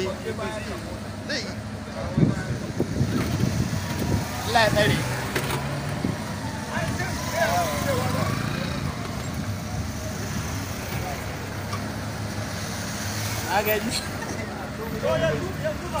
zai zai Allah ya tsare a gani yanzu ba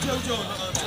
就就那个，我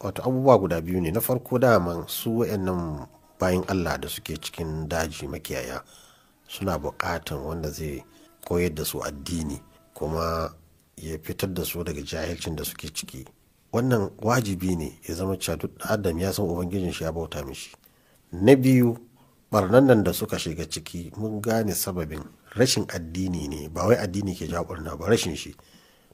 wato abubuwa guda biyu ne na farko daman su wa'annan bayan allah da suke cikin daji makiyaya suna bukatan wanda zai koyar da su addini kuma ya fitar da su daga jahilcin da suke ciki wannan wajibi ne ya zama cewa duk adam ya san ubangijin shi ya bauta mishi na biyu barnan nan da suka shiga ciki mun gane sababin rashin addini ne ba wai addini ke jawo ba rashin shi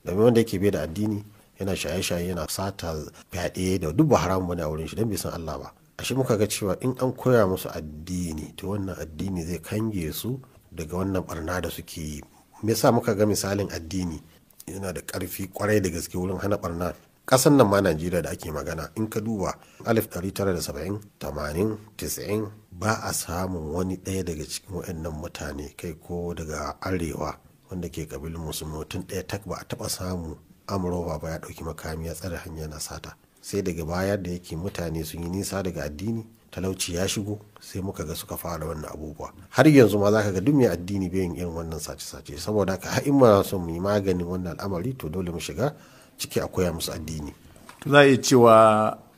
domin wanda yake bai da addini yana shaye-shaye yana sata fyaɗe da duk haramun wani a wurin shi don bai san Allah ba ashe muka ga cewa in an koya musu addini to wannan addini zai kange su daga wannan barna da suke yi me yasa muka ga misalin addini yana da karfi kwarai da gaske wurin hana barna kasan nan ma najeriya da ake magana in ka duba alif 1970-80-90 ba a samun wani ɗaya daga cikin waɗannan mutane kai ko daga arewa wanda ke kabilun musu mutum ɗaya tak ba a taɓa samu amurowa ba ya ɗauki makami ya tsare hanya na sata sai daga baya da yake mutane sun yi nisa daga addini talauci ya shigo sai muka ga suka fara wannan abubuwa har yanzu ma zaka ga duk mai addini bai yin irin wannan sace-sace saboda ka in muna son mu yi maganin wannan al'amari to dole mu shiga ciki a koya musu addini to za a iya cewa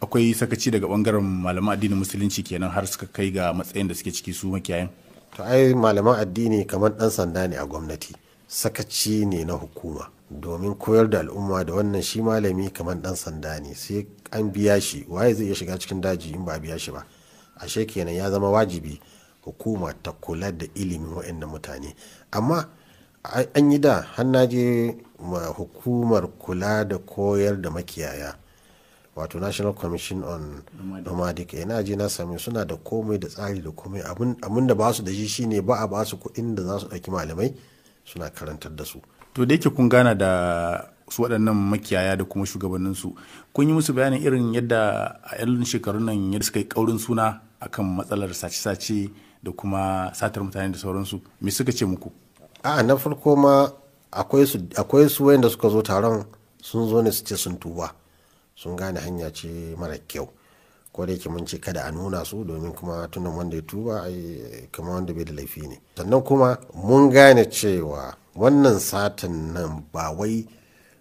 akwai sakaci daga bangaren malaman addinin musulunci kenan har suka kai ga matsayin da suke ciki su makiyayan to ai malaman addini kamar dan sanda ne a gwamnati sakaci ne na hukuma domin koyar da al'umma da wannan shi malami kamar dan sanda ne sai an biya shi waye zai iya shiga cikin daji in ba biya shi ba ashe kenan ya zama wajibi hukuma ta kula da ilimin waɗannan mutane amma an yi da hannaje ma hukumar kula da koyar da makiyaya wato national commission on nomadic eh na je na sami suna da komai da tsari da komai abin da ba su da shi shine ba a ba su kuɗin da za su ɗauki malamai suna karantar da su to da yake kun gana da su waɗannan makiyaya da kuma shugabanninsu kun yi musu bayanin irin yadda a 'yan shekarun nan yadda suka yi ƙaurin suna akan matsalar sace-sace da kuma satar mutane da sauransu me suka ce muku a na farko ma akwai su wayanda suka zo taron sun zo ne su ce sun tuba sun gane hanya ce mara kyau ko ke mun ce kada a nuna su domin kuma tunan wanda ya tuba ai kama wanda bai da laifi ne sannan kuma mun gane cewa wannan satin nan ba wai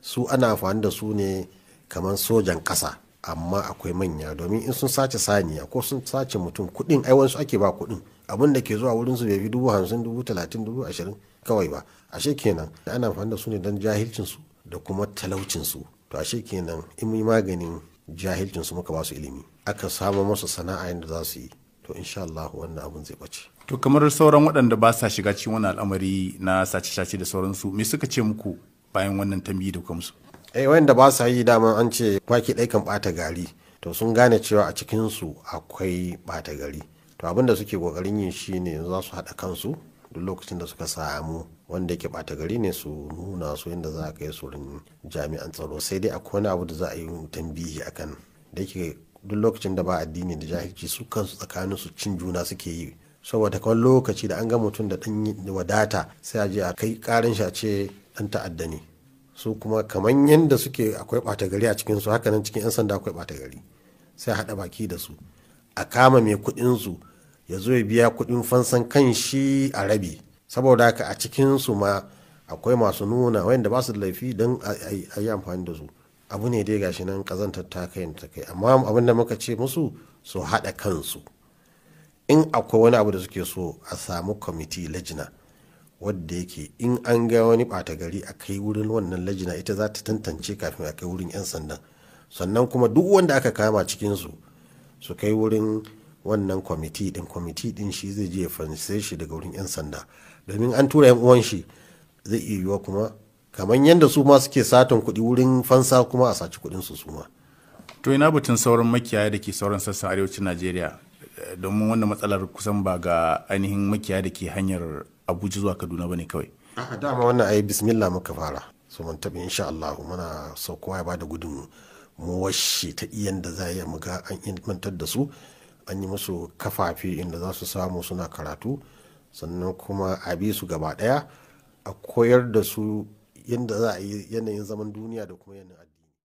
su ana amfani da su ne kamar sojan ƙasa amma akwai manya domin in sun sace saniya ko sun sace mutum kuɗin ai wasu ake ba kuɗin abin da ke zuwa wurin su bai fi dubu hamsin dubu talatin dubu ashirin kawai ba ashe kenan ana amfani da su ne don jahilcin su da kuma talaucin su to ashe kenan in yi maganin jahilcin su muka ba su ilimi aka samu masa sana'a yadda za su yi to insha Allah wannan abun zai bace to kamar sauran waɗanda ba sa shiga cikin wannan al'amari na sace-sace da sauransu me suka ce muku bayan wannan tambayi da kuma musu eh wayanda ba sa yi dama an ce kwaki ɗai kan ɓata gari to sun gane cewa a cikin su akwai ɓata gari to abin da suke kokarin yin shine za su haɗa kansu duk lokacin da suka samu wanda yake bata gari ne su nuna su yadda za a kai surin jami'an tsaro sai dai akwai wani abu da za a yi tambihi akan da yake duk lokacin da ba addini da jahilci su kansu tsakanin su cin juna suke yi saboda kawai lokaci da an ga mutum da dan wadata sai a je a kai karin shi a ce dan ta'adda ne su kuma kamar yadda suke akwai bata gari a cikin su haka nan cikin yan sanda akwai bata gari sai a haɗa baki da su a kama mai kuɗin su ya zo ya biya kuɗin fansan kan shi a rabi saboda haka a cikinsu ma akwai masu nuna wayanda ba su da laifi don a yi amfani da su abu ne dai gashi nan kazantar ta kai ta kai amma abin da muka ce musu su haɗa kansu in akwai wani abu da suke so a samu kwamiti lajina wadda yake in an ga wani ɓata gari a kai wurin wannan lajina ita za ta tantance kafin a kai wurin 'yan sandan sannan kuma duk wanda aka kama cikinsu su kai wurin wannan kwamiti din kwamiti din shi zai je fansai shi daga wurin 'yan sanda domin an tura 'yan uwan shi zai iya yiwa kuma kamar yadda su ma suke satan kuɗi wurin fansa kuma a saci kuɗin su suma. to ina batun sauran makiyaya da ke sauran sassan arewacin najeriya domin wannan matsalar kusan ba ga ainihin makiyaya da ke hanyar abuja zuwa kaduna ba ne kawai. a dama wannan ayi bismillah muka fara su mun tabi insha allah muna sauko ya bada gudun mu washe ta iyan da za a yi ga an ilmantar da su an yi musu kafafi inda za su samu suna karatu sannan kuma a bi su gaba daya a koyar da su yadda za a yi yanayin zaman duniya da kuma yanayin